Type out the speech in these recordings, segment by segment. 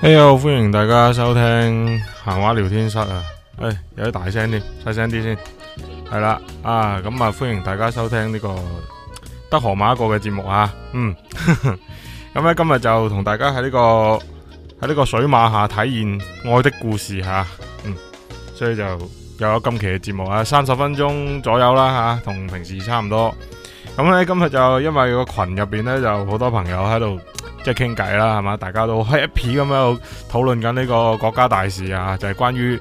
哎呀、啊，歡迎大家收聽閒話聊天室啊！哎，有啲大聲啲，細聲啲先。係啦，啊，咁啊，歡迎大家收聽呢個德河馬一個嘅節目啊。嗯，咁 咧今日就同大家喺呢、這個喺呢個水馬下體驗愛的故事吓、啊。嗯，所以就有咗今期嘅節目30啊，三十分鐘左右啦吓，同平時差唔多。咁咧今日就因為個群入邊咧就好多朋友喺度。即係傾偈啦，係嘛？大家都 happy 咁樣討論緊呢個國家大事啊，就係、是、關於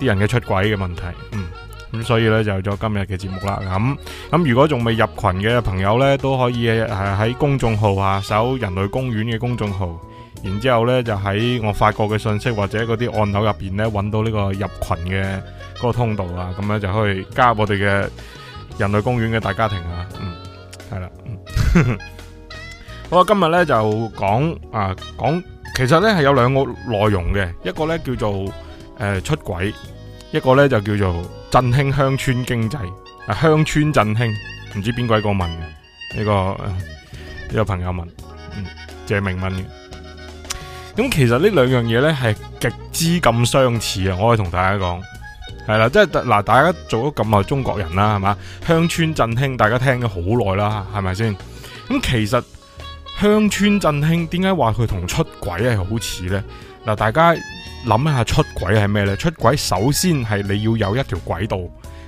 啲人嘅出軌嘅問題。嗯，咁所以呢，就做今日嘅節目啦。咁咁如果仲未入群嘅朋友呢，都可以誒喺公眾號啊搜人類公園嘅公眾號，然之後咧就喺我發過嘅信息或者嗰啲按鈕入邊呢，揾到呢個入群嘅嗰個通道啊，咁咧就可以加入我哋嘅人類公園嘅大家庭啊。嗯，係啦。嗯 好今日咧，就講啊講，其實咧係有兩個內容嘅，一個咧叫做誒、呃、出軌，一個咧就叫做振興鄉村經濟啊，鄉村振興，唔知邊鬼個問嘅呢、這個呢、呃這個朋友問，嗯、謝明問嘅。咁其實這兩呢兩樣嘢咧係極之咁相似啊！我可以同大家講，係啦，即係嗱，大家做咗咁耐中國人啦，係嘛？鄉村振興大家聽咗好耐啦，係咪先？咁其實。鄉村振興點解話佢同出軌係好似呢？嗱，大家諗下出軌係咩呢？出軌首先係你要有一條軌道，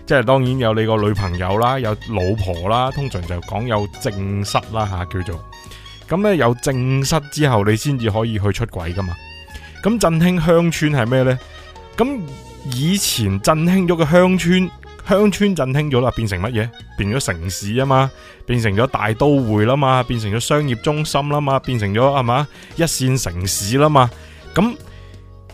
即係當然有你個女朋友啦，有老婆啦，通常就講有正室啦吓、啊，叫做咁咧有正室之後，你先至可以去出軌噶嘛。咁振興鄉村係咩呢？咁以前振興咗個鄉村。鄉村振興咗啦，變成乜嘢？變咗城市啊嘛，變成咗大都會啦嘛，變成咗商業中心啦嘛，變成咗係咪一線城市啦嘛。咁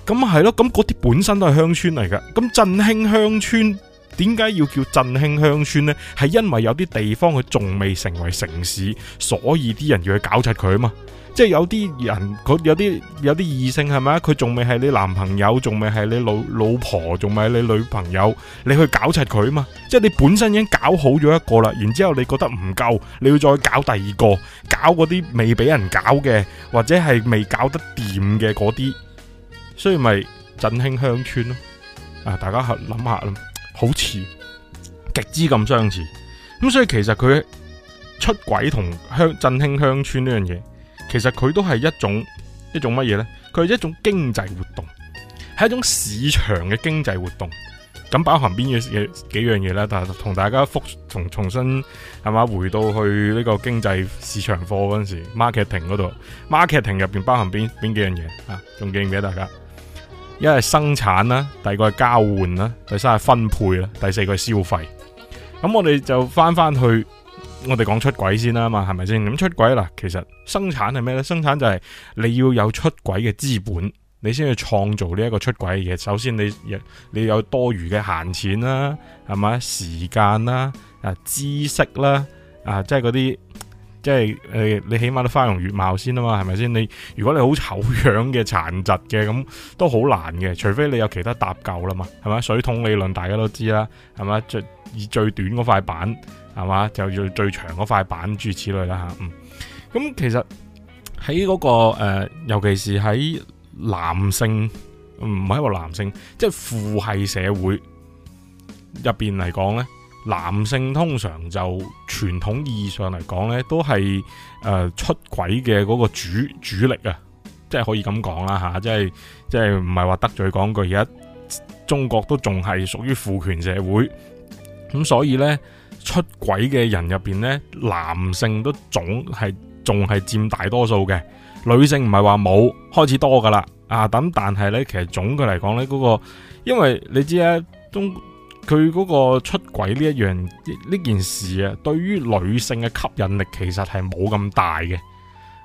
咁係咯，咁嗰啲本身都係鄉村嚟噶。咁振興鄉村，點解要叫振興鄉村呢？係因為有啲地方佢仲未成為城市，所以啲人要去搞出佢啊嘛。即係有啲人，佢有啲有啲異性係咪啊？佢仲未係你男朋友，仲未係你老老婆，仲未係你女朋友，你去搞柒佢啊嘛，即係你本身已經搞好咗一個啦，然之後你覺得唔夠，你要再搞第二個，搞嗰啲未俾人搞嘅，或者係未搞得掂嘅嗰啲，所以咪振興鄉村咯。啊，大家去諗下啦，好似極之咁相似咁，所以其實佢出軌同鄉振興鄉村呢樣嘢。其實佢都係一種一種乜嘢呢？佢係一種經濟活動，係一種市場嘅經濟活動。咁包含邊樣嘢幾樣嘢呢？但係同大家複同重新係嘛？回到去呢個經濟市場課嗰陣時候，marketing 嗰度，marketing 入邊包含邊邊幾樣嘢啊？仲記唔記得大家？一係生產啦，第二個係交換啦，第三係分配啦，第四個係消費。咁我哋就翻翻去。我哋講出軌先啦嘛，係咪先？咁出軌啦，其實生產係咩咧？生產就係你要有出軌嘅資本，你先去創造呢一個出軌嘅嘢。首先你，你有多餘嘅閒錢啦，係嘛？時間啦，啊，知識啦，啊，即係嗰啲，即係誒、呃，你起碼都花容月貌先啊嘛，係咪先？你如果你好醜樣嘅、殘疾嘅咁，都好難嘅，除非你有其他搭救啦嘛，係嘛？水桶理論大家都知啦，係嘛？最以最短嗰塊板。係嘛，就要最長嗰塊板柱此類啦嚇。嗯，咁、嗯、其實喺嗰、那個、呃、尤其是喺男性，唔係話男性，即、就、係、是、父系社會入邊嚟講咧，男性通常就傳統意義上嚟講咧，都係誒、呃、出軌嘅嗰個主主力啊，即係可以咁講啦嚇，即係即係唔係話得罪講句，而家中國都仲係屬於父權社會，咁所以咧。出軌嘅人入邊呢，男性都總係仲係佔大多數嘅，女性唔係話冇，開始多噶啦。啊，咁但係呢，其實總嘅嚟講呢，嗰個，因為你知啊，中佢嗰個出軌呢一樣呢件事啊，對於女性嘅吸引力其實係冇咁大嘅。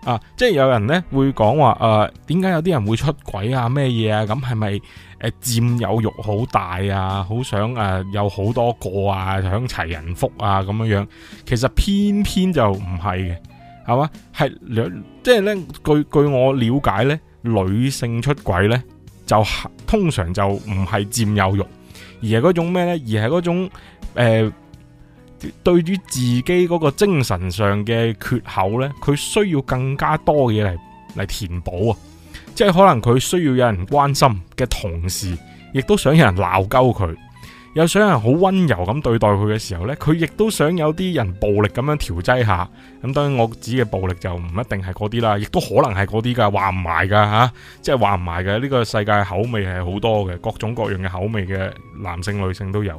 啊，即係有人呢會講話，誒，點解有啲人會出軌啊？咩嘢啊？咁係咪？誒佔有欲好大啊，好想、啊、有好多個啊，想齊人福啊咁樣樣，其實偏偏就唔係嘅，係嘛？係兩即係咧，據據我了解咧，女性出軌咧就通常就唔係佔有欲而係嗰種咩咧？而係嗰種誒、呃、對於自己嗰個精神上嘅缺口咧，佢需要更加多嘅嘢嚟嚟填補啊！即係可能佢需要有人關心嘅同時，亦都想有人鬧鳩佢。又想人好溫柔咁對待佢嘅時候呢，佢亦都想有啲人暴力咁樣調劑下。咁當然我指嘅暴力就唔一定係嗰啲啦，亦都可能係嗰啲㗎，話唔埋㗎嚇，即係話唔埋嘅。呢個世界口味係好多嘅，各種各樣嘅口味嘅男性、女性都有。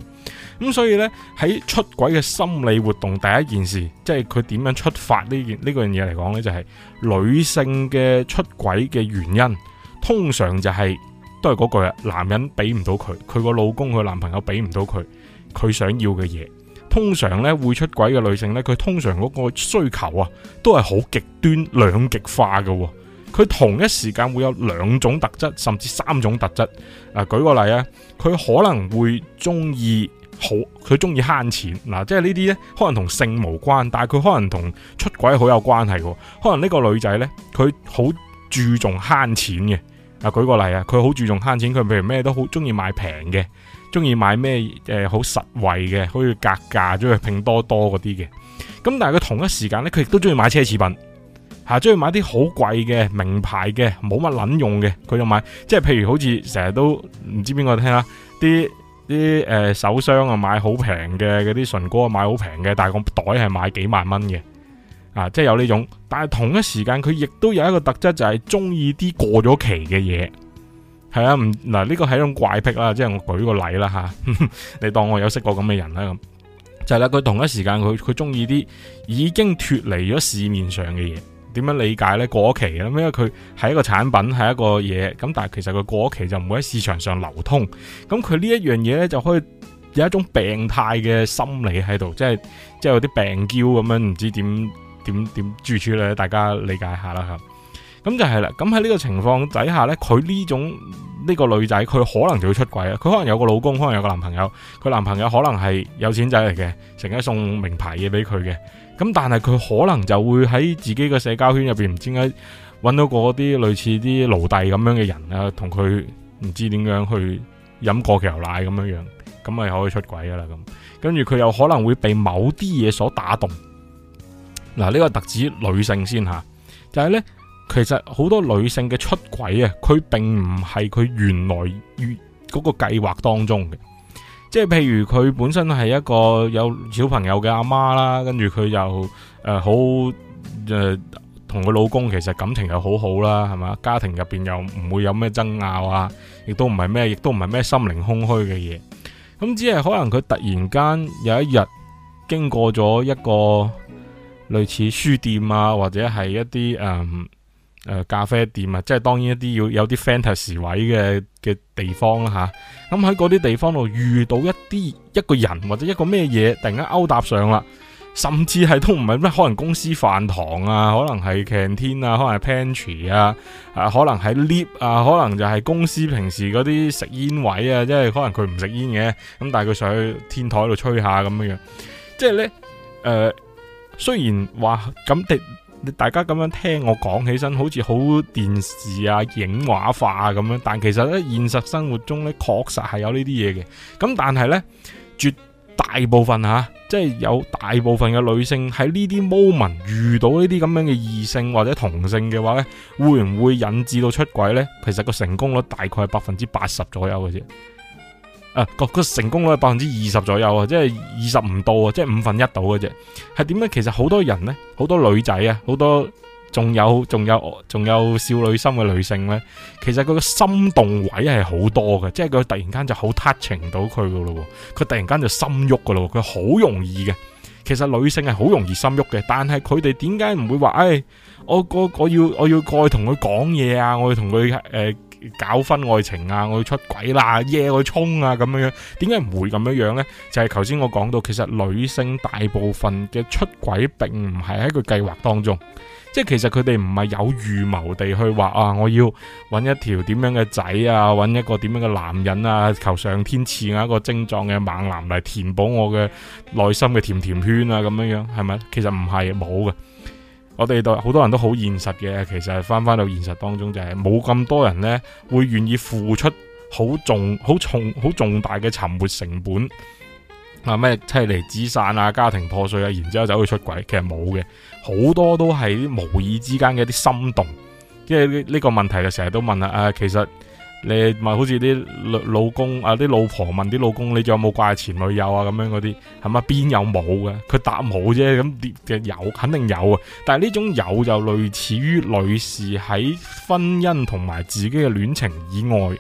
咁所以呢，喺出軌嘅心理活動第一件事，即係佢點樣出發呢件呢個嘢嚟講呢就係女性嘅出軌嘅原因，通常就係。都係嗰句啊！男人俾唔到佢，佢個老公，佢男朋友俾唔到佢，佢想要嘅嘢，通常呢會出軌嘅女性呢，佢通常嗰個需求啊，都係好極端兩極化嘅哦。佢同一時間會有兩種特質，甚至三種特質。啊，舉個例啊，佢可能會中意好，佢中意慳錢嗱，啊，即係呢啲呢，可能同性無關，但係佢可能同出軌好有關係嘅。可能呢個女仔呢，佢好注重慳錢嘅。啊，舉個例啊，佢好注重慳錢，佢譬如咩都好中意買平嘅，中意買咩、呃、好實惠嘅，好似格價，中意拼多多嗰啲嘅。咁但係佢同一時間咧，佢亦都中意買奢侈品，嚇，中意買啲好貴嘅名牌嘅，冇乜撚用嘅，佢就買。即係譬如好似成日都唔知邊個聽下，啲啲、呃、手霜，啊買好平嘅嗰啲唇膏買，買好平嘅，但係個袋係買幾萬蚊嘅。啊，即係有呢種，但係同一時間佢亦都有一個特質，就係中意啲過咗期嘅嘢，係啊，唔嗱呢個係一種怪癖啦，即係我舉個例啦吓，你當我有識過咁嘅人啦咁，就係啦，佢同一時間佢佢中意啲已經脫離咗市面上嘅嘢，點樣理解呢？過咗期啦，因為佢係一個產品，係一個嘢，咁但係其實佢過咗期就唔會喺市場上流通，咁佢呢一樣嘢呢，就可以有一種病態嘅心理喺度，即係即係有啲病嬌咁樣，唔知點。點點住處咧，大家理解下啦，咁就係啦。咁喺呢個情況底下呢，佢呢種呢、呢個女仔，佢可能就會出軌啊。佢可能有個老公，可能有個男朋友，佢男朋友可能係有錢仔嚟嘅，成日送名牌嘢俾佢嘅。咁但係佢可能就會喺自己嘅社交圈入邊，唔知點解搵到個啲類似啲奴隸咁樣嘅人啊，同佢唔知點樣去飲過期牛奶咁樣樣，咁咪可以出軌噶啦咁。跟住佢又可能會被某啲嘢所打動。嗱，呢個特指女性先下就係呢，其實好多女性嘅出軌啊，佢並唔係佢原來嗰個計劃當中嘅，即係譬如佢本身係一個有小朋友嘅阿媽啦，跟住佢又好同佢老公其實感情又好好啦，係嘛？家庭入邊又唔會有咩爭拗啊，亦都唔係咩，亦都唔係咩心靈空虛嘅嘢，咁只係可能佢突然間有一日經過咗一個。類似書店啊，或者係一啲誒誒咖啡店啊，即係當然一啲要有啲 fantasy 位嘅嘅地方啦、啊、嚇。咁喺嗰啲地方度遇到一啲一個人或者一個咩嘢，突然間勾搭上啦，甚至係都唔係咩，可能公司飯堂啊，可能係 canteen 啊，可能係 pantry 啊，啊，可能係 lip 啊，可能就係公司平時嗰啲食煙位啊，即係可能佢唔食煙嘅，咁、嗯、但係佢上去天台度吹下咁樣樣，即係咧誒。呃雖然話咁，你大家咁樣聽我講起身，好似好電視啊、影畫化咁、啊、樣，但其實咧現實生活中咧，確實係有呢啲嘢嘅。咁但係咧，絕大部分吓，即、啊、係、就是、有大部分嘅女性喺呢啲 moment 遇到呢啲咁樣嘅異性或者同性嘅話咧，會唔會引致到出軌咧？其實個成功率大概係百分之八十左右嘅啫。啊，個成功率百分之二十左右啊，即係二十唔到啊，即係五分一到嘅啫。係點咧？其實好多人咧，好多女仔啊，好多仲有仲有仲有少女心嘅女性咧，其實佢個心動位係好多嘅，即係佢突然間就好 touching 到佢噶咯，佢突然間就心喐噶咯，佢好容易嘅。其實女性係好容易心喐嘅，但係佢哋點解唔會話，誒、哎，我我要我要過去同佢講嘢啊，我要同佢誒。搞婚愛情啊，我要出軌啦、啊，耶、yeah，我要衝啊咁樣樣，點解唔會咁樣樣呢？就係頭先我講到，其實女性大部分嘅出軌並唔係喺個計劃當中，即係其實佢哋唔係有預謀地去話啊，我要揾一條點樣嘅仔啊，揾一個點樣嘅男人啊，求上天賜啊一個精壯嘅猛男嚟填補我嘅內心嘅甜甜圈啊，咁樣樣係咪？其實唔係冇嘅。我哋都好多人都好現實嘅，其實翻翻到現實當中就係冇咁多人呢會願意付出好重、好重、好重大嘅沉沒成本啊！咩妻離子散啊，家庭破碎啊，然之後走去出軌，其實冇嘅，好多都係啲無意之間嘅一啲心動，即係呢個問題就成日都問啦啊，其實你咪好似啲老公啊，啲老婆問啲老公，你仲有冇掛前女友啊？咁樣嗰啲係咪邊有冇嘅？佢答冇啫，咁有肯定有啊。但係呢種有就類似於類似喺婚姻同埋自己嘅戀情以外，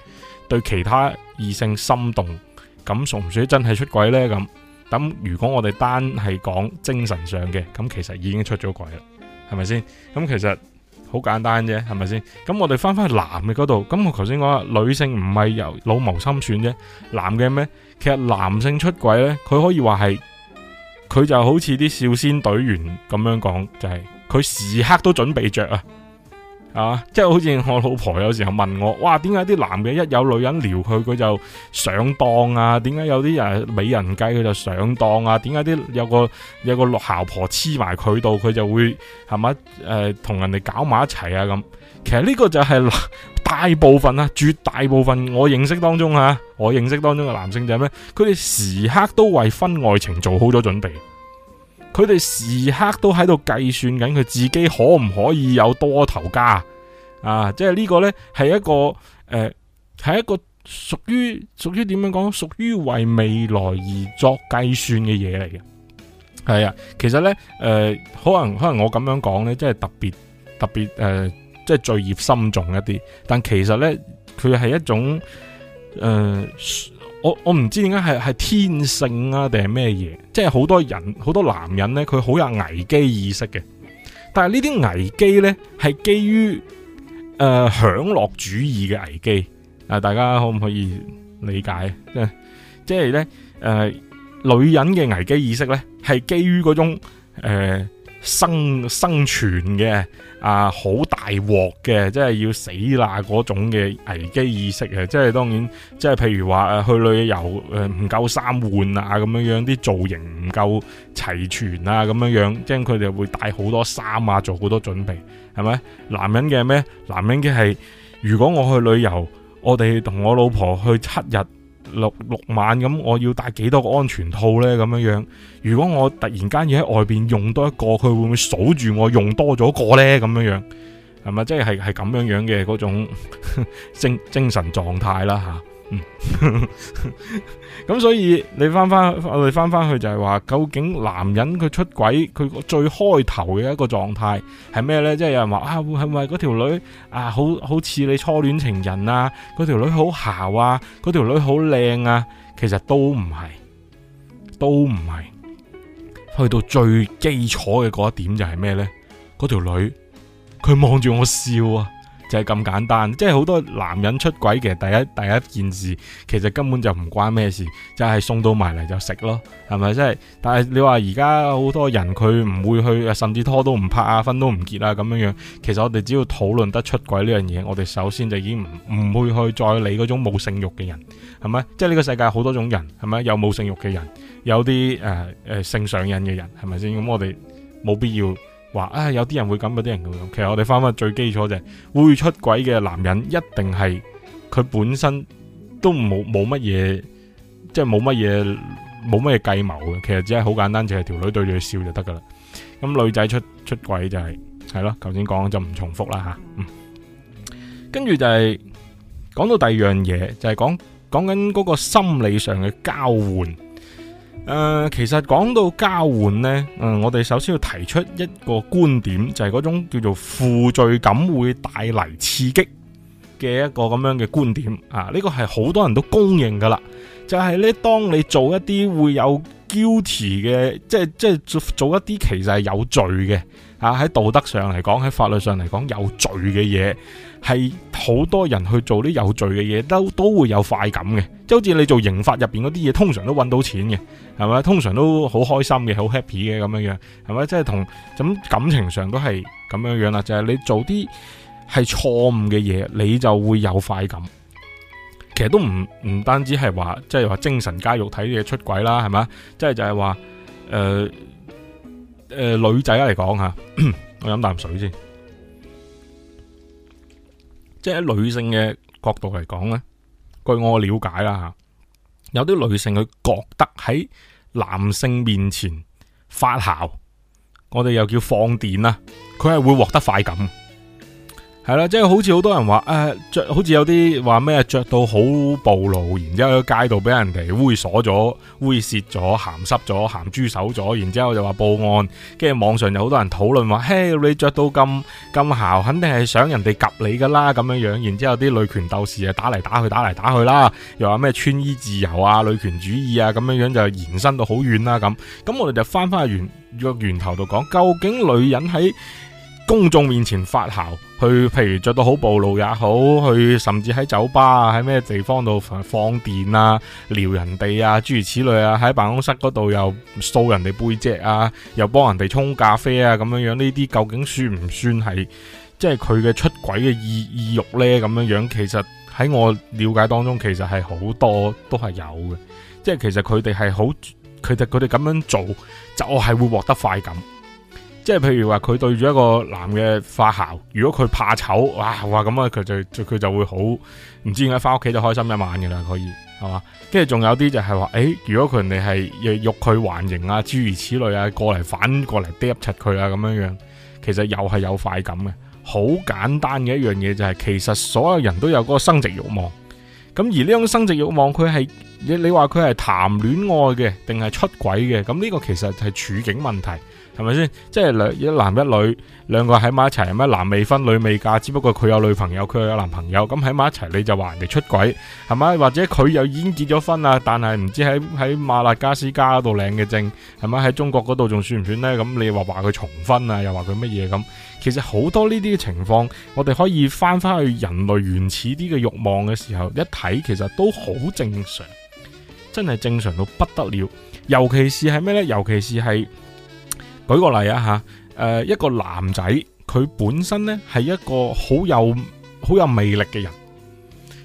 對其他異性心動，咁屬唔屬於真係出軌呢？咁咁如果我哋單係講精神上嘅，咁其實已經出咗軌啦，係咪先？咁其實。好簡單啫，係咪先？咁我哋翻翻去男嘅嗰度，咁我頭先講女性唔係由老謀深算啫，男嘅咩？其實男性出軌呢，佢可以話係，佢就好似啲少先隊員咁樣講，就係、是、佢時刻都準備着啊。啊，即係好似我老婆有時候問我，哇，點解啲男嘅一有女人撩佢，佢就上當啊？點解有啲人美人計佢就上當啊？點解啲有個有個落姣婆黐埋佢度，佢就會係咪誒同人哋搞埋一齊啊？咁其實呢個就係大部分啊，絕大部分我認識當中吓，我認識當中嘅男性就係咩？佢哋時刻都為婚外情做好咗準備。佢哋時刻都喺度計算緊佢自己可唔可以有多頭家啊，啊！即係呢個呢係一個誒，係、呃、一個屬於屬於點樣講？屬於為未來而作計算嘅嘢嚟嘅。係啊，其實呢，誒、呃，可能可能我咁樣講呢，即係特別特別誒、呃，即係罪孽深重一啲。但其實呢，佢係一種誒。呃我我唔知點解係係天性啊，定係咩嘢？即係好多人好多男人呢，佢好有危機意識嘅。但係呢啲危機呢，係基於誒、呃、享樂主義嘅危機啊！大家可唔可以理解？即係呢，係、呃、女人嘅危機意識呢，係基於嗰種、呃生生存嘅啊，好大鑊嘅，即係要死啦嗰種嘅危機意識啊！即係當然，即係譬如話誒去旅遊誒唔夠衫換啊，咁樣樣啲造型唔夠齊全啊，咁樣樣，即係佢哋會帶好多衫啊，做好多準備係咪？男人嘅咩？男人嘅係如果我去旅遊，我哋同我老婆去七日。六六晚咁，我要帶幾多個安全套呢？咁樣樣，如果我突然間要喺外邊用多一個，佢會唔會數住我用多咗個呢？咁樣樣，係咪即係係咁樣樣嘅嗰種 精精神狀態啦？吓。咁 所以你翻翻我哋翻翻去就係話，究竟男人佢出軌佢最開頭嘅一個狀態係咩呢？即係有人話啊，會係咪嗰條女啊好好似你初戀情人啊？嗰條女好姣啊，嗰條女好靚啊？其實都唔係，都唔係。去到最基礎嘅嗰一點就係咩呢？嗰條女佢望住我笑啊！就係咁簡單，即係好多男人出軌嘅第一第一件事，其實根本就唔關咩事，就係送到埋嚟就食咯，係咪？即係，但係你話而家好多人佢唔會去，甚至拖都唔拍啊，婚都唔結啦咁樣樣。其實我哋只要討論得出軌呢樣嘢，我哋首先就已經唔唔會去再理嗰種冇性慾嘅人，係咪？即係呢個世界好多種人，係咪？有冇性慾嘅人，有啲誒誒性上癮嘅人，係咪先？咁我哋冇必要。話啊，有啲人會咁，有啲人咁樣。其實我哋翻翻最基礎就係，會出軌嘅男人一定係佢本身都冇冇乜嘢，即係冇乜嘢冇乜嘢計謀嘅。其實只係好簡單，就係條女對住佢笑就得噶啦。咁女仔出出軌就係係咯，頭先講就唔重複啦吓。嗯，跟住就係講到第二樣嘢，就係講講緊嗰個心理上嘅交換。誒、呃，其實講到交換呢，嗯，我哋首先要提出一個觀點，就係、是、嗰種叫做負罪感會帶嚟刺激嘅一個咁樣嘅觀點啊。呢個係好多人都公認噶啦，就係、是、呢當你做一啲會有 guilty 嘅，即係即係做一啲其實係有罪嘅，啊，喺道德上嚟講，喺法律上嚟講有罪嘅嘢。係好多人去做啲有罪嘅嘢，都都會有快感嘅，即係好似你做刑法入邊嗰啲嘢，通常都揾到錢嘅，係咪？通常都好開心嘅，好 happy 嘅咁樣樣，係咪？即係同咁感情上都係咁樣樣啦，就係、是、你做啲係錯誤嘅嘢，你就會有快感。其實都唔唔單止係話，即係話精神家獄睇嘢出軌啦，係咪？即係就係、是、話，誒、呃、誒、呃呃、女仔嚟講吓，我飲啖水先。即係喺女性嘅角度嚟講咧，據我了解啦嚇，有啲女性佢覺得喺男性面前發姣，我哋又叫放電啦，佢係會獲得快感。係啦、嗯，即係好似好多人話誒，着、呃、好似有啲話咩着到好暴露，然之後喺街道俾人哋猥瑣咗、猥褻咗、鹹濕咗、鹹豬手咗，然之後就話報案，跟住網上有好多人討論話，嘿、hey, 你着到咁咁姣，BOB, 肯定係想人哋及你噶啦咁樣樣，然之後啲女權鬥士就打嚟打去，打嚟打去啦，又話咩穿衣自由啊、女權主義啊咁樣樣就延伸到好遠啦咁，咁我哋就翻翻去源個源頭度講，究竟女人喺公眾面前發姣，去譬如着到好暴露也好，去甚至喺酒吧啊，喺咩地方度放電啊、撩人哋啊，諸如此類啊，喺辦公室嗰度又掃人哋背脊啊，又幫人哋沖咖啡啊，咁樣樣呢啲究竟算唔算係即係佢嘅出軌嘅意意欲呢？咁樣樣其實喺我了解當中，其實係好多都係有嘅，即係其實佢哋係好，其實佢哋咁樣做就係、是、會獲得快感。即係譬如話佢對住一個男嘅發姣，如果佢怕醜，哇哇咁啊，佢就佢就會好唔知點解翻屋企就開心一晚噶啦，可以係嘛？跟住仲有啲就係話，誒、欸，如果佢人哋係欲拒還迎啊，諸如此類啊，過嚟反過嚟跌柒佢啊，咁樣樣，其實又係有快感嘅。好簡單嘅一樣嘢就係、是，其實所有人都有嗰個生殖欲望。咁而呢種生殖欲望，佢係你你話佢係談戀愛嘅，定係出軌嘅？咁呢個其實係處境問題。係咪先？即係兩一男一女兩個喺埋一齊，係咪男未婚女未嫁？只不過佢有女朋友，佢又有男朋友咁喺埋一齊，你就話人哋出軌係咪？或者佢又已經結咗婚啊？但係唔知喺喺馬納加斯加度領嘅證係咪喺中國嗰度仲算唔算呢？咁你話話佢重婚啊？又話佢乜嘢咁？其實好多呢啲嘅情況，我哋可以翻翻去人類原始啲嘅欲望嘅時候一睇，其實都好正常，真係正常到不得了。尤其是係咩呢？尤其是係。舉個例啊，吓，誒一個男仔佢本身呢係一個好有好有魅力嘅人，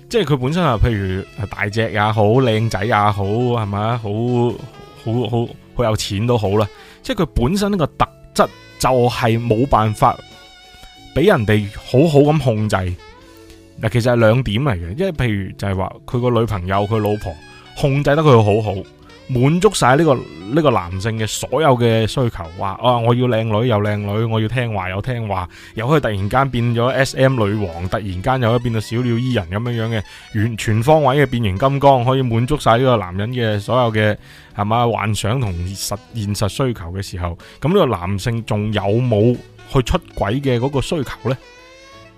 即係佢本身啊，譬如係大隻啊，好靚仔啊，好係咪？好好好好有錢都好啦，即係佢本身呢個特質就係冇辦法俾人哋好好咁控制。嗱，其實係兩點嚟嘅，因為譬如就係話佢個女朋友，佢老婆控制得佢好好。滿足晒呢個呢個男性嘅所有嘅需求，話啊我要靚女又靚女，我要聽話又聽話，又可以突然間變咗 SM 女王，突然間又可以變到小鳥依人咁樣樣嘅，完全方位嘅變形金剛，可以滿足晒呢個男人嘅所有嘅係嘛幻想同現實需求嘅時候，咁呢個男性仲有冇去出軌嘅嗰個需求呢？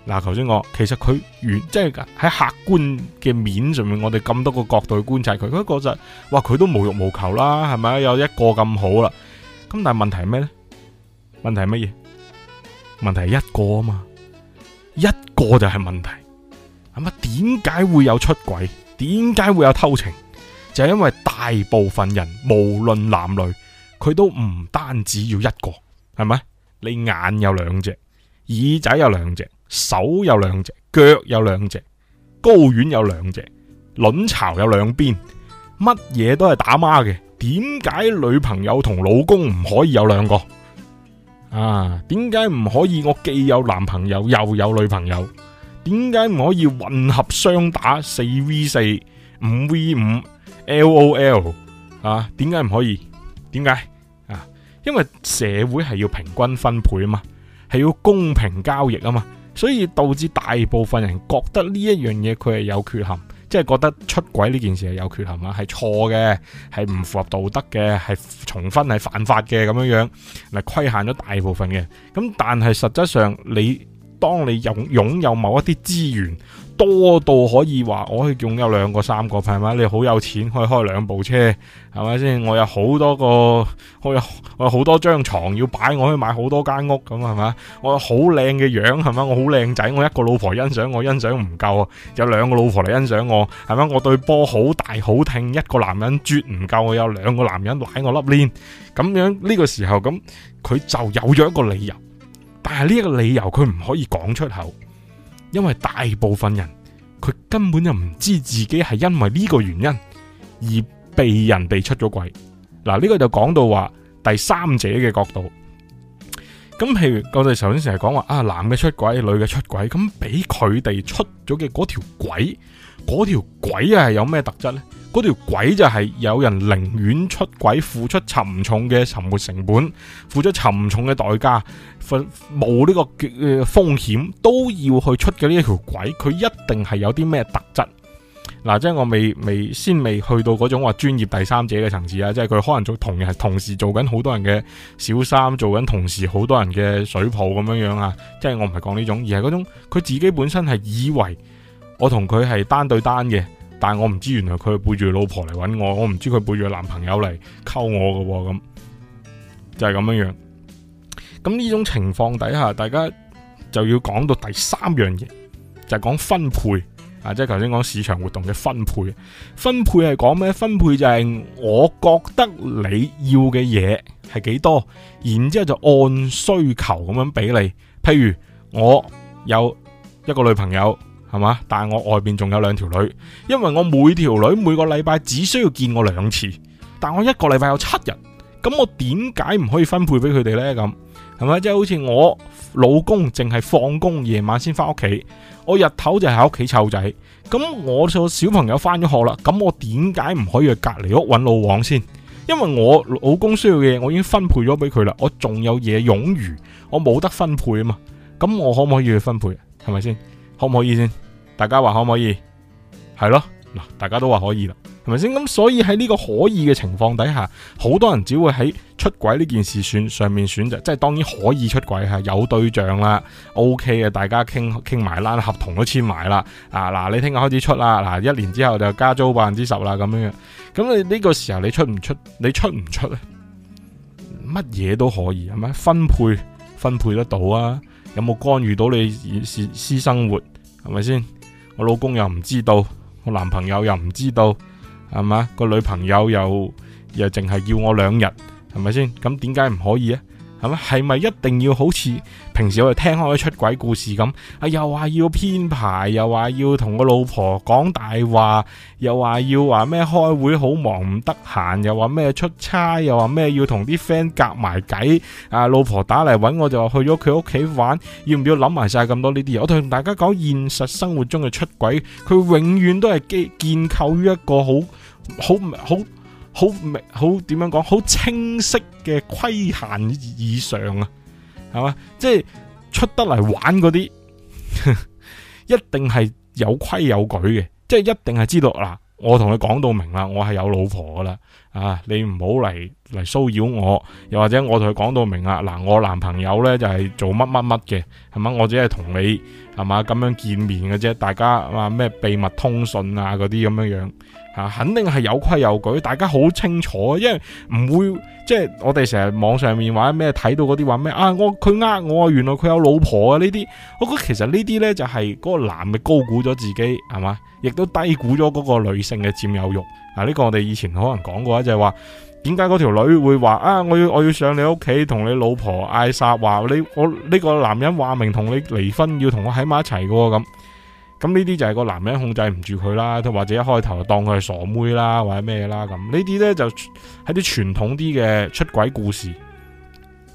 嗱，頭先、啊、我其實佢完，即係喺客觀嘅面上面，我哋咁多個角度去觀察佢，佢確實，哇，佢都無欲無求啦，係咪？有一個咁好啦，咁但係問題係咩咧？問題係乜嘢？問題係一個啊嘛，一個就係問題。咁啊，點解會有出軌？點解會有偷情？就係、是、因為大部分人無論男女，佢都唔單止要一個，係咪？你眼有兩隻，耳仔有兩隻。手有兩隻，腳有兩隻，睾丸有兩隻，卵巢有兩邊，乜嘢都係打孖嘅。點解女朋友同老公唔可以有兩個？啊，點解唔可以？我既有男朋友又有女朋友，點解唔可以混合雙打四 v 四、五 v 五？L O L 啊，點解唔可以？點解啊？因為社會係要平均分配啊嘛，係要公平交易啊嘛。所以導致大部分人覺得呢一樣嘢佢係有缺陷，即係覺得出軌呢件事係有缺陷啦，係錯嘅，係唔符合道德嘅，係重婚係犯法嘅咁樣樣，嗱規限咗大部分嘅。咁但係實質上你當你擁擁有某一啲資源。多到可以話，我可以擁有兩個、三個，係咪？你好有錢，可以開兩部車，係咪先？我有好多個，我有我，我有好多張床要擺，我可以買好多間屋，咁係咪？我有好靚嘅樣，係咪？我好靚仔，我一個老婆欣賞，我欣賞唔夠啊！有兩個老婆嚟欣賞我，係咪？我對波好大好聽，一個男人絕唔夠，我有兩個男人玩我粒鏈，咁樣呢個時候咁，佢就有咗一個理由，但係呢一個理由佢唔可以講出口。因為大部分人佢根本就唔知自己係因為呢個原因而被人哋出咗軌，嗱、這、呢個就講到話第三者嘅角度。咁譬如我哋頭先成日講話啊男嘅出軌，女嘅出軌，咁俾佢哋出咗嘅嗰條軌，嗰條軌啊有咩特質呢？嗰條鬼就係有人寧願出軌，付出沉重嘅沉沒成本，付出沉重嘅代價，份冇呢個誒、呃、風險都要去出嘅呢一條鬼，佢一定係有啲咩特質？嗱、啊，即係我未未先未去到嗰種話專業第三者嘅層次啊，即係佢可能做同樣係同時做緊好多人嘅小三，做緊同時好多人嘅水泡咁樣樣啊，即係我唔係講呢種，而係嗰種佢自己本身係以為我同佢係單對單嘅。但我唔知，原來佢背住老婆嚟搵我，我唔知佢背住男朋友嚟溝我嘅，咁，就係咁樣樣。咁呢種情況底下，大家就要講到第三樣嘢，就係講分配啊，即係頭先講市場活動嘅分配。分配係講咩？分配就係我覺得你要嘅嘢係幾多，然之後就按需求咁樣俾你。譬如我有一個女朋友。係嘛？但係我外邊仲有兩條女，因為我每條女每個禮拜只需要見我兩次，但我一個禮拜有七日，咁我點解唔可以分配俾佢哋呢？咁係咪即係好似我老公淨係放工夜晚先翻屋企，我日頭就喺屋企湊仔，咁我個小朋友翻咗學啦，咁我點解唔可以去隔離屋揾老王先？因為我老公需要嘅嘢我已經分配咗俾佢啦，我仲有嘢冗餘，我冇得分配啊嘛，咁我可唔可以去分配？係咪先？可唔可以先？大家話可唔可以？係咯，嗱，大家都話可以啦，係咪先？咁所以喺呢個可以嘅情況底下，好多人只會喺出軌呢件事上選上面選擇，即係當然可以出軌係有對象啦，OK 嘅，大家傾傾埋啦，合同都簽埋啦，啊嗱、啊，你聽日開始出啦，嗱、啊、一年之後就加租百分之十啦，咁樣樣，咁你呢個時候你出唔出？你出唔出咧？乜嘢都可以係咪？分配分配得到啊？有冇干預到你私私生活？係咪先？我老公又唔知道，我男朋友又唔知道，係嘛？個女朋友又又淨係叫我兩日，係咪先？咁點解唔可以啊？係咪一定要好似平時我哋聽開啲出軌故事咁？啊，又話要編排，又話要同個老婆講大話，又話要話咩開會好忙唔得閒，又話咩出差，又話咩要同啲 friend 夾埋計。啊，老婆打嚟搵我就話去咗佢屋企玩，要唔要諗埋晒咁多呢啲嘢？我同大家講現實生活中嘅出軌，佢永遠都係建建構於一個好好好。好明好點樣講，好清晰嘅規限以上啊，係嘛？即係出得嚟玩嗰啲，一定係有規有矩嘅，即係一定係知道嗱、啊，我同你講到明啦，我係有老婆噶啦，啊，你唔好嚟嚟騷擾我，又或者我同佢講到明啦嗱、啊，我男朋友呢就係、係、做乜乜乜嘅，係嘛？我只係同你係嘛咁樣見面嘅啫，大家咩、啊、秘密通訊啊嗰啲咁樣樣。吓，肯定係有規有矩，大家好清楚，因為唔會即係、就是、我哋成日網上面話咩睇到嗰啲話咩啊，我佢呃我，原來佢有老婆啊呢啲，我覺得其實呢啲呢，就係、是、嗰個男嘅高估咗自己係嘛，亦都低估咗嗰個女性嘅佔有欲啊！呢、這個我哋以前可能講過就係、是、話，點解嗰條女會話啊，我要我要上你屋企同你老婆嗌殺，話你我呢、這個男人話明同你離婚要，要同我喺埋一齊嘅咁。咁呢啲就係個男人控制唔住佢啦，同或者一開頭當佢係傻妹啦，或者咩啦。咁呢啲呢，就喺啲傳統啲嘅出軌故事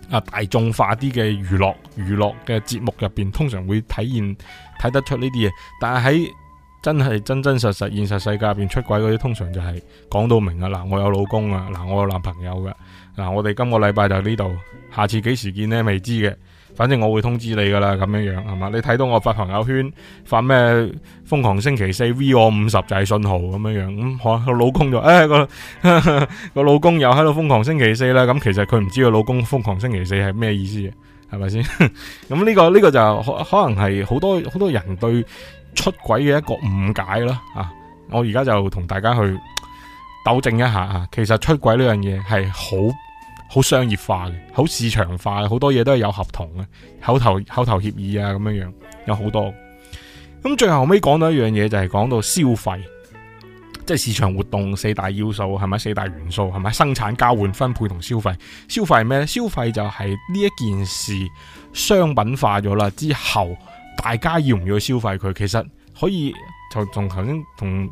啊，大眾化啲嘅娛樂娛樂嘅節目入邊，通常會體現睇得出呢啲嘢。但係喺真係真真實實現實世界入邊出軌嗰啲，通常就係講到明啊，嗱我有老公啊，嗱我有男朋友噶，嗱我哋今個禮拜就呢度，下次幾時見呢？未知嘅。反正我會通知你噶啦，咁樣樣係嘛？你睇到我發朋友圈發咩瘋狂星期四 V 我五十就係信號咁樣樣，咁個老公就誒個個老公又喺度瘋狂星期四啦。咁其實佢唔知佢老公瘋狂星期四係咩意思嘅，係咪先？咁 呢、這個呢、這個就可，可能係好多好多人對出軌嘅一個誤解啦啊，我而家就同大家去糾正一下，其實出軌呢樣嘢係好。好商業化嘅，好市場化嘅，好多嘢都係有合同嘅，口頭口頭協議啊咁樣樣，有好多。咁最後尾講到一樣嘢就係、是、講到消費，即、就、係、是、市場活動四大要素係咪？四大元素係咪？生產、交換、分配同消費，消費係咩咧？消費就係呢一件事商品化咗啦之後，大家要唔要去消費佢？其實可以就從頭先同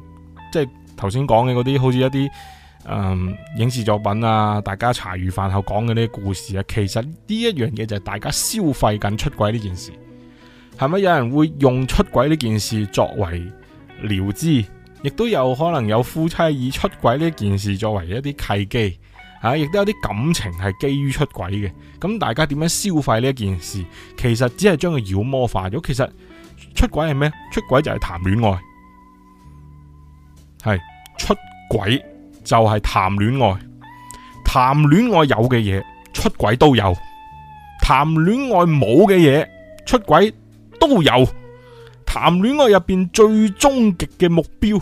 即係頭先講嘅嗰啲，好似一啲。嗯，影視作品啊，大家茶餘飯後講嘅呢啲故事啊，其實呢一樣嘢就係大家消費緊出軌呢件事，係咪有人會用出軌呢件事作為聊資？亦都有可能有夫妻以出軌呢件事作為一啲契機，吓亦都有啲感情係基於出軌嘅。咁大家點樣消費呢一件事？其實只係將佢妖魔化咗。其實出軌係咩？出軌就係談戀愛，係出軌。就係談戀愛，談戀愛有嘅嘢，出軌都有，談戀愛冇嘅嘢，出軌都有。談戀愛入邊最終極嘅目標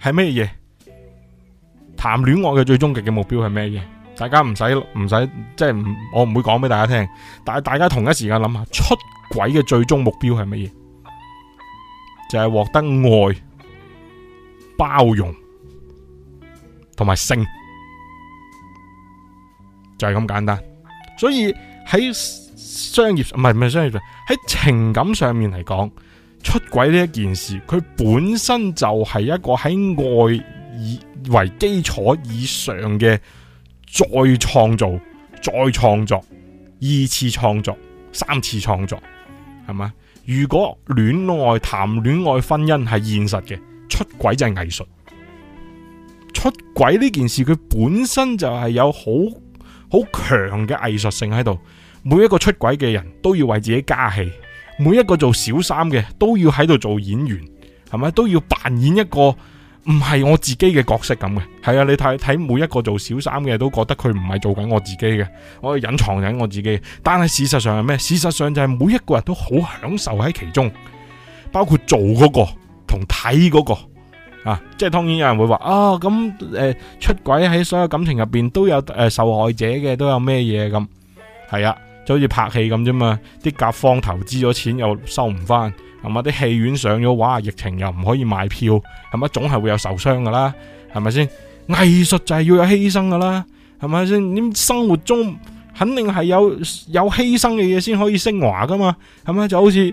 係咩嘢？談戀愛嘅最終極嘅目標係咩嘢？大家唔使唔使，即係唔我唔會講俾大家聽。但係大家同一時間諗下出軌嘅最終目標係乜嘢？就係獲得愛包容。同埋性就係、是、咁簡單，所以喺商業唔係唔係商業上喺情感上面嚟講，出軌呢一件事，佢本身就係一個喺愛以為基礎以上嘅再創造、再創作、二次創作、三次創作，係嘛？如果戀愛、談戀愛、婚姻係現實嘅，出軌就係藝術。出軌呢件事，佢本身就係有好好強嘅藝術性喺度。每一個出軌嘅人都要為自己加戲，每一個做小三嘅都要喺度做演員，係咪都要扮演一個唔係我自己嘅角色咁嘅？係啊，你睇睇每一個做小三嘅都覺得佢唔係做緊我自己嘅，我係隱藏緊我自己。但係事實上係咩？事實上就係每一個人都好享受喺其中，包括做嗰個同睇嗰個。啊，即係當然有人會話啊，咁、哦、誒、呃、出軌喺所有感情入邊都有誒、呃、受害者嘅，都有咩嘢咁？係啊，就好似拍戲咁啫嘛，啲甲方投資咗錢又收唔翻，咁啊啲戲院上咗畫，疫情又唔可以賣票，係咪？總係會有受傷噶啦，係咪先？藝術就係要有犧牲噶啦，係咪先？你生活中肯定係有有犧牲嘅嘢，先可以升華噶嘛，係咪就好似？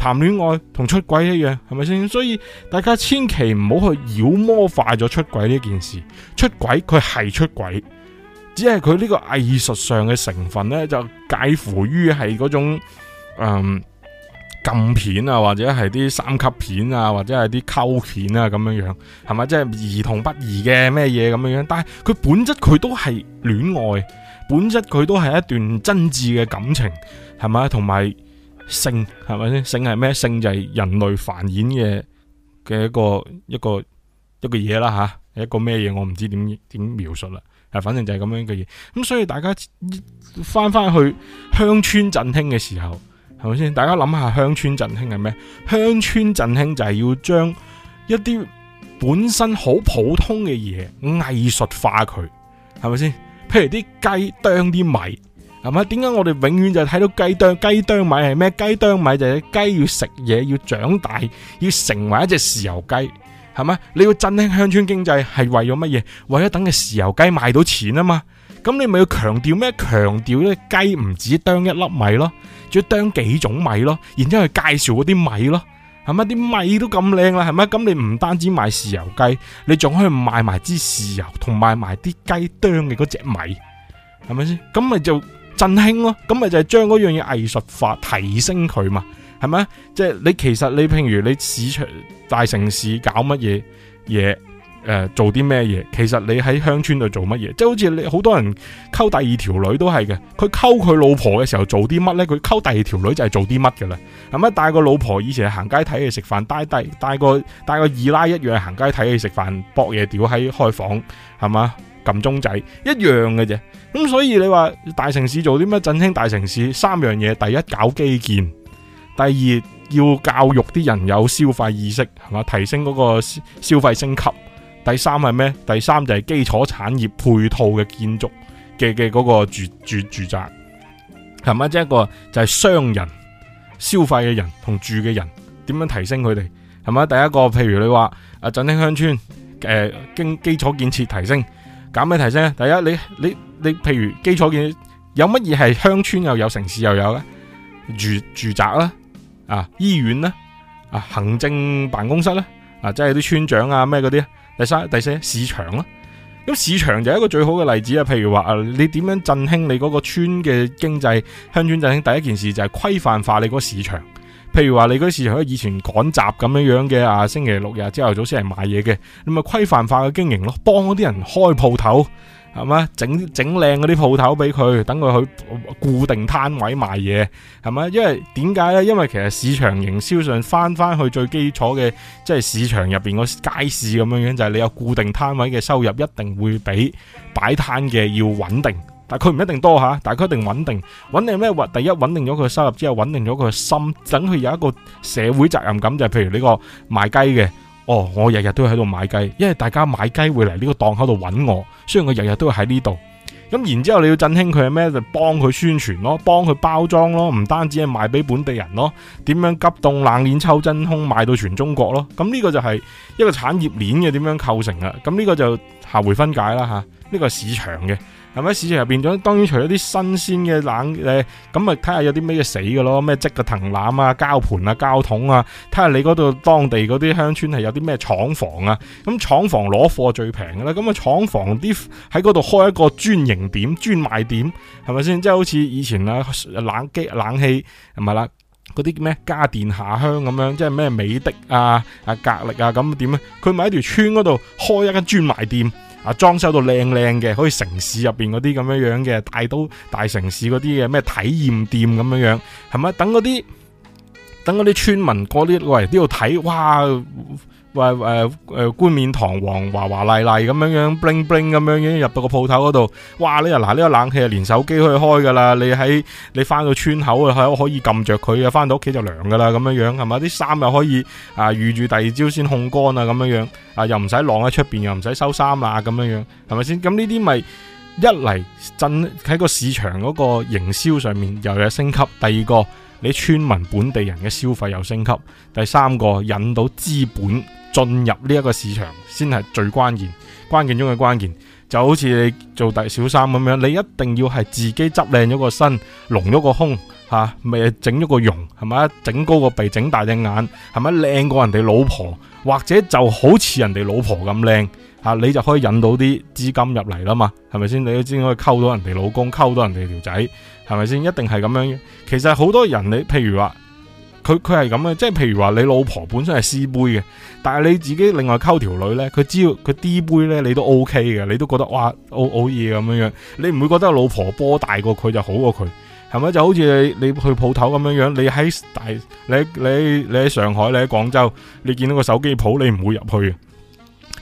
談戀愛同出軌一樣，係咪先？所以大家千祈唔好去妖魔化咗出軌呢件事出軌。是出軌佢係出軌，只係佢呢個藝術上嘅成分呢，就介乎於係嗰種嗯禁片啊，或者係啲三級片啊，或者係啲溝片啊咁樣樣，係咪？即係兒童不宜嘅咩嘢咁樣樣。但係佢本質佢都係戀愛，本質佢都係一段真摯嘅感情，係咪啊？同埋。性係咪先？性係咩？性就係人類繁衍嘅嘅一個一個一個嘢啦吓，一個咩嘢？我唔知點點描述啦，係反正就係咁樣嘅嘢。咁所以大家翻翻去鄉村振興嘅時候，係咪先？大家諗下鄉村振興係咩？鄉村振興就係要將一啲本身好普通嘅嘢藝術化佢，係咪先？譬如啲雞啄啲米。係嘛？點解我哋永遠就睇到雞啄雞啄米係咩？雞啄米就係雞要食嘢，要長大，要成為一隻豉油雞。係嘛？你要振興鄉村經濟係為咗乜嘢？為咗等嘅豉油雞賣到錢啊嘛！咁你咪要強調咩？強調呢雞唔止啄一粒米咯，仲要啄幾種米咯，然之後去介紹嗰啲米咯。係咪？啲米都咁靚啦，係咪？咁你唔單止賣豉油雞，你仲可以賣埋支豉油，同賣埋啲雞啄嘅嗰隻米，係咪先？咁咪就。振興咯、啊，咁咪就係將嗰樣嘢藝術化，提升佢嘛，係咪？即、就、係、是、你其實你譬如你市場大城市搞乜嘢嘢？誒、呃、做啲咩嘢？其實你喺鄉村度做乜嘢？即、就、係、是、好似你好多人溝第二條女都係嘅，佢溝佢老婆嘅時候做啲乜呢？佢溝第二條女就係做啲乜嘅啦？係咪帶個老婆以前係行街睇戲食飯，帶帶帶個帶個二奶一樣行街睇戲食飯，搏嘢屌喺開房，係嘛？撳鐘仔一樣嘅啫，咁所以你話大城市做啲咩振興大城市？三樣嘢，第一搞基建，第二要教育啲人有消費意識，係嘛提升嗰個消費升級。第三係咩？第三就係基礎產業配套嘅建築嘅嘅嗰個住住住宅，係咪？即係一個就係商人消費嘅人同住嘅人點樣提升佢哋？係咪？第一個，譬如你話啊振興鄉村，誒、呃經基礎建設提升。搞咩提升啊？第一，你你你，譬如基礎建設有乜嘢係鄉村又有城市又有咧？住住宅啦、啊，啊醫院啦、啊，啊行政辦公室啦、啊，啊即係啲村長啊咩嗰啲。第三、第四市場啦、啊，咁市場就係一個最好嘅例子啊。譬如話啊，你點樣振興你嗰個村嘅經濟？鄉村振興第一件事就係規範化你嗰個市場。譬如話你嗰時以前趕集咁樣樣嘅啊，星期六日朝頭早先係買嘢嘅，咁啊規範化嘅經營咯，幫嗰啲人開鋪頭係嘛，整整靚嗰啲鋪頭俾佢，等佢去固定攤位賣嘢係嘛，因為點解呢？因為其實市場營銷上翻翻去最基礎嘅，即係市場入邊個街市咁樣樣，就係你有固定攤位嘅收入，一定會比擺攤嘅要穩定。但佢唔一定多吓，但佢一定穩定。穩定咩？第一穩定咗佢收入之後，穩定咗佢心，等佢有一個社會責任感。就係、是、譬如呢個賣雞嘅，哦，我日日都喺度買雞，因為大家買雞會嚟呢個檔口度搵我，雖然佢日日都喺呢度。咁然之後你要振興佢係咩？就幫、是、佢宣傳咯，幫佢包裝咯，唔單止係賣俾本地人咯，點樣急凍冷鏈抽真空賣到全中國咯。咁呢個就係一個產業鏈嘅點樣構成啊。咁呢個就下回分解啦。吓，呢個係市場嘅。係咪市場入邊咗？當然除咗啲新鮮嘅冷誒，咁咪睇下有啲咩死嘅咯，咩積嘅藤籃啊、膠盤啊、膠桶啊，睇下你嗰度當地嗰啲鄉村係有啲咩廠房啊？咁、嗯、廠房攞貨最平嘅啦，咁啊廠房啲喺嗰度開一個專營點、專賣點，係咪先？即係好似以前啊冷機、冷氣係咪啦嗰啲咩家電下鄉咁樣，即係咩美的啊、啊格力啊咁點咧？佢咪喺一條村嗰度開一間專賣店。啊！裝修到靚靚嘅，好似城市入邊嗰啲咁樣樣嘅大都大城市嗰啲嘅咩體驗店咁樣樣，係咪？等嗰啲，等嗰啲村民過啲嚟呢度睇，哇！話誒誒冠冕堂皇，華華麗麗咁樣樣 bling bling 咁樣樣入到個鋪頭嗰度，哇！呢人嗱呢個冷氣連手機可以開噶啦，你喺你翻到村口啊，可可以撳着佢啊，翻到屋企就涼噶啦咁樣樣係咪？啲衫又可以啊、呃、預住第二朝先控乾啊咁樣樣啊，又唔使晾喺出邊，又唔使收衫啊咁樣樣，係咪先？咁呢啲咪一嚟震喺個市場嗰個營銷上面又有升級，第二個你村民本地人嘅消費又升級，第三個引到資本。進入呢一個市場先係最關鍵，關鍵中嘅關鍵就好似你做大小三咁樣，你一定要係自己執靚咗個身，隆咗個胸，吓咪整咗個容，係咪整高個鼻，整大隻眼，係咪靚過人哋老婆？或者就好似人哋老婆咁靚，吓、啊、你就可以引到啲資金入嚟啦嘛？係咪先？你都知可以溝到人哋老公，溝到人哋條仔，係咪先？一定係咁樣嘅。其實好多人你譬如話。佢佢係咁嘅，即係譬如話你老婆本身係 C 杯嘅，但係你自己另外溝條女呢，佢只要佢 D 杯呢，你都 OK 嘅，你都覺得哇，好好嘢咁樣樣，你唔會覺得老婆波大過佢就好過佢，係咪就好似你，你去鋪頭咁樣樣？你喺大你你你喺上海，你喺廣州，你見到個手機鋪，你唔會入去。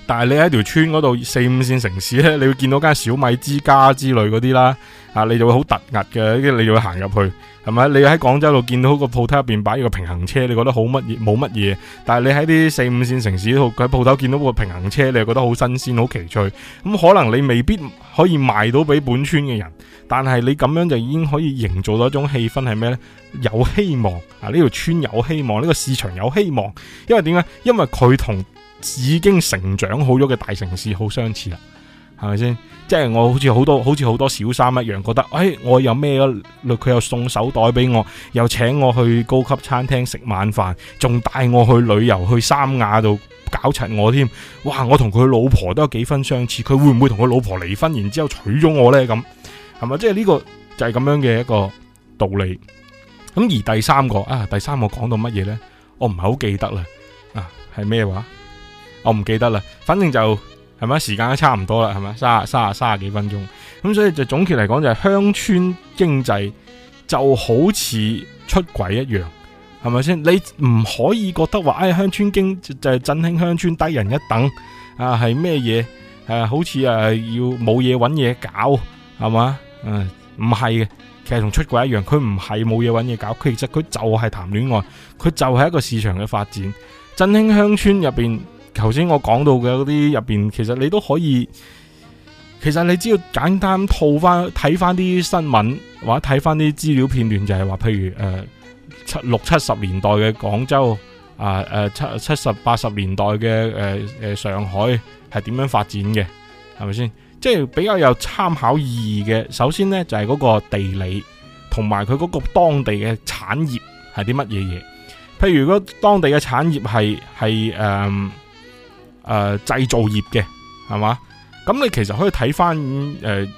但係你喺條村嗰度，四五線城市呢，你會見到間小米之家之類嗰啲啦。啊！你就會好突兀嘅，跟住你就會行入去，係咪？你喺廣州度見到個鋪頭入邊擺一個平衡車，你覺得好乜嘢？冇乜嘢。但係你喺啲四五線城市度喺鋪頭見到個平衡車，你又覺得好新鮮、好奇趣。咁可能你未必可以賣到俾本村嘅人，但係你咁樣就已經可以營造到一種氣氛，係咩呢？有希望啊！呢條村有希望，呢個市場有希望。因為點解？因為佢同已經成長好咗嘅大城市好相似啦。係咪先？即係我好似好多，好似好多小三一樣，覺得誒、哎，我有咩？佢又送手袋俾我，又請我去高級餐廳食晚飯，仲帶我去旅遊去三亞度搞柒我添。哇！我同佢老婆都有幾分相似，佢會唔會同佢老婆離婚，然之後娶咗我呢？咁係咪？即係呢、呢個就係、係、咁樣嘅一個道理。咁而第三個啊，第三個講到乜嘢呢？我唔係好記得啦。啊，係咩話？我唔記得啦。反正就。係咪時間都差唔多啦？係咪三十三十幾分鐘？咁所以就總結嚟講，就係、是、鄉村經濟就好似出軌一樣，係咪先？你唔可以覺得話，誒鄉村經就係、是、振興鄉村低人一等啊，係咩嘢？誒、啊，好似誒、啊、要冇嘢揾嘢搞，係嘛？嗯、啊，唔係嘅，其實同出軌一樣，佢唔係冇嘢揾嘢搞，其實佢就係談戀愛，佢就係一個市場嘅發展，振興鄉村入邊。頭先我講到嘅嗰啲入邊，其實你都可以，其實你只要簡單套翻睇翻啲新聞，或者睇翻啲資料片段，就係話，譬如誒七六七十年代嘅廣州啊，誒七七十八十年代嘅誒誒上海係點樣發展嘅，係咪先？即係比較有參考意義嘅。首先呢，就係嗰個地理，同埋佢嗰個當地嘅產業係啲乜嘢嘢？譬如如果當地嘅產業係係誒。誒，製造業嘅係嘛？咁你其實可以睇翻誒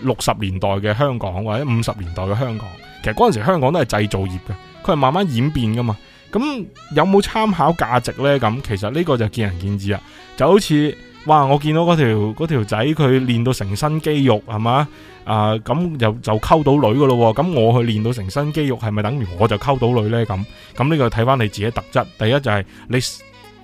六十年代嘅香港或者五十年代嘅香港，其實嗰陣時香港都係製造業嘅，佢係慢慢演變噶嘛。咁有冇參考價值呢？咁其實呢個就見仁見智啦。就好似哇，我見到嗰條嗰條仔佢練到成身肌肉係嘛啊，咁就就溝到女噶咯。咁我去練到成身肌肉，係咪等於我就溝到女呢？咁咁呢個睇翻你自己特質。第一就係你。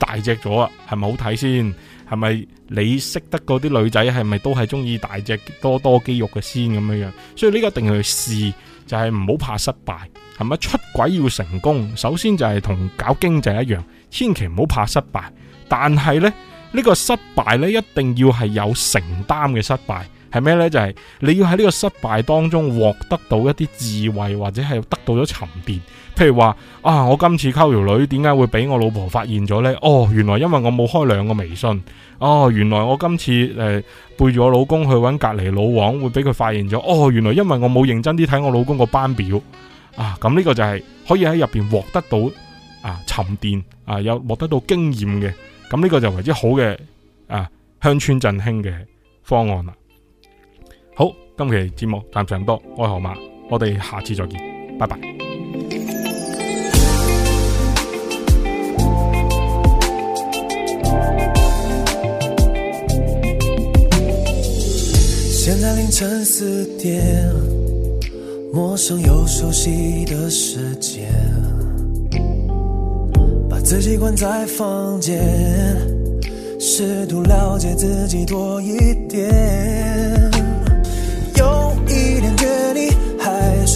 大隻咗啊，係咪好睇先？係咪你識得嗰啲女仔，係咪都係中意大隻多多肌肉嘅先咁樣樣？所以呢個一定要去試，就係唔好怕失敗，係咪出軌要成功？首先就係同搞經濟一樣，千祈唔好怕失敗。但係呢，呢個失敗呢，一定要係有承擔嘅失敗。係咩呢？就係、是、你要喺呢個失敗當中獲得到一啲智慧，或者係得到咗沉澱。譬如話啊，我今次溝條女點解會俾我老婆發現咗呢？哦，原來因為我冇開兩個微信。哦，原來我今次誒、呃、背住我老公去搵隔籬老王會俾佢發現咗。哦，原來因為我冇認真啲睇我老公個班表啊。咁呢個就係可以喺入邊獲得到啊沉澱啊，又獲得到經驗嘅。咁、啊、呢個就為之好嘅啊，鄉村振興嘅方案啦。好，今期節目暫時咁多，我係河馬，我哋下次再見，拜拜。現在凌晨四點，陌生又熟悉的時間，把自己關在房間，試圖了解自己多一點。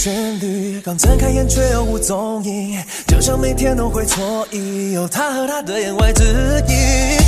旋律剛睜開眼卻又無蹤影，就像每天都會錯意，有他和他的言外之意。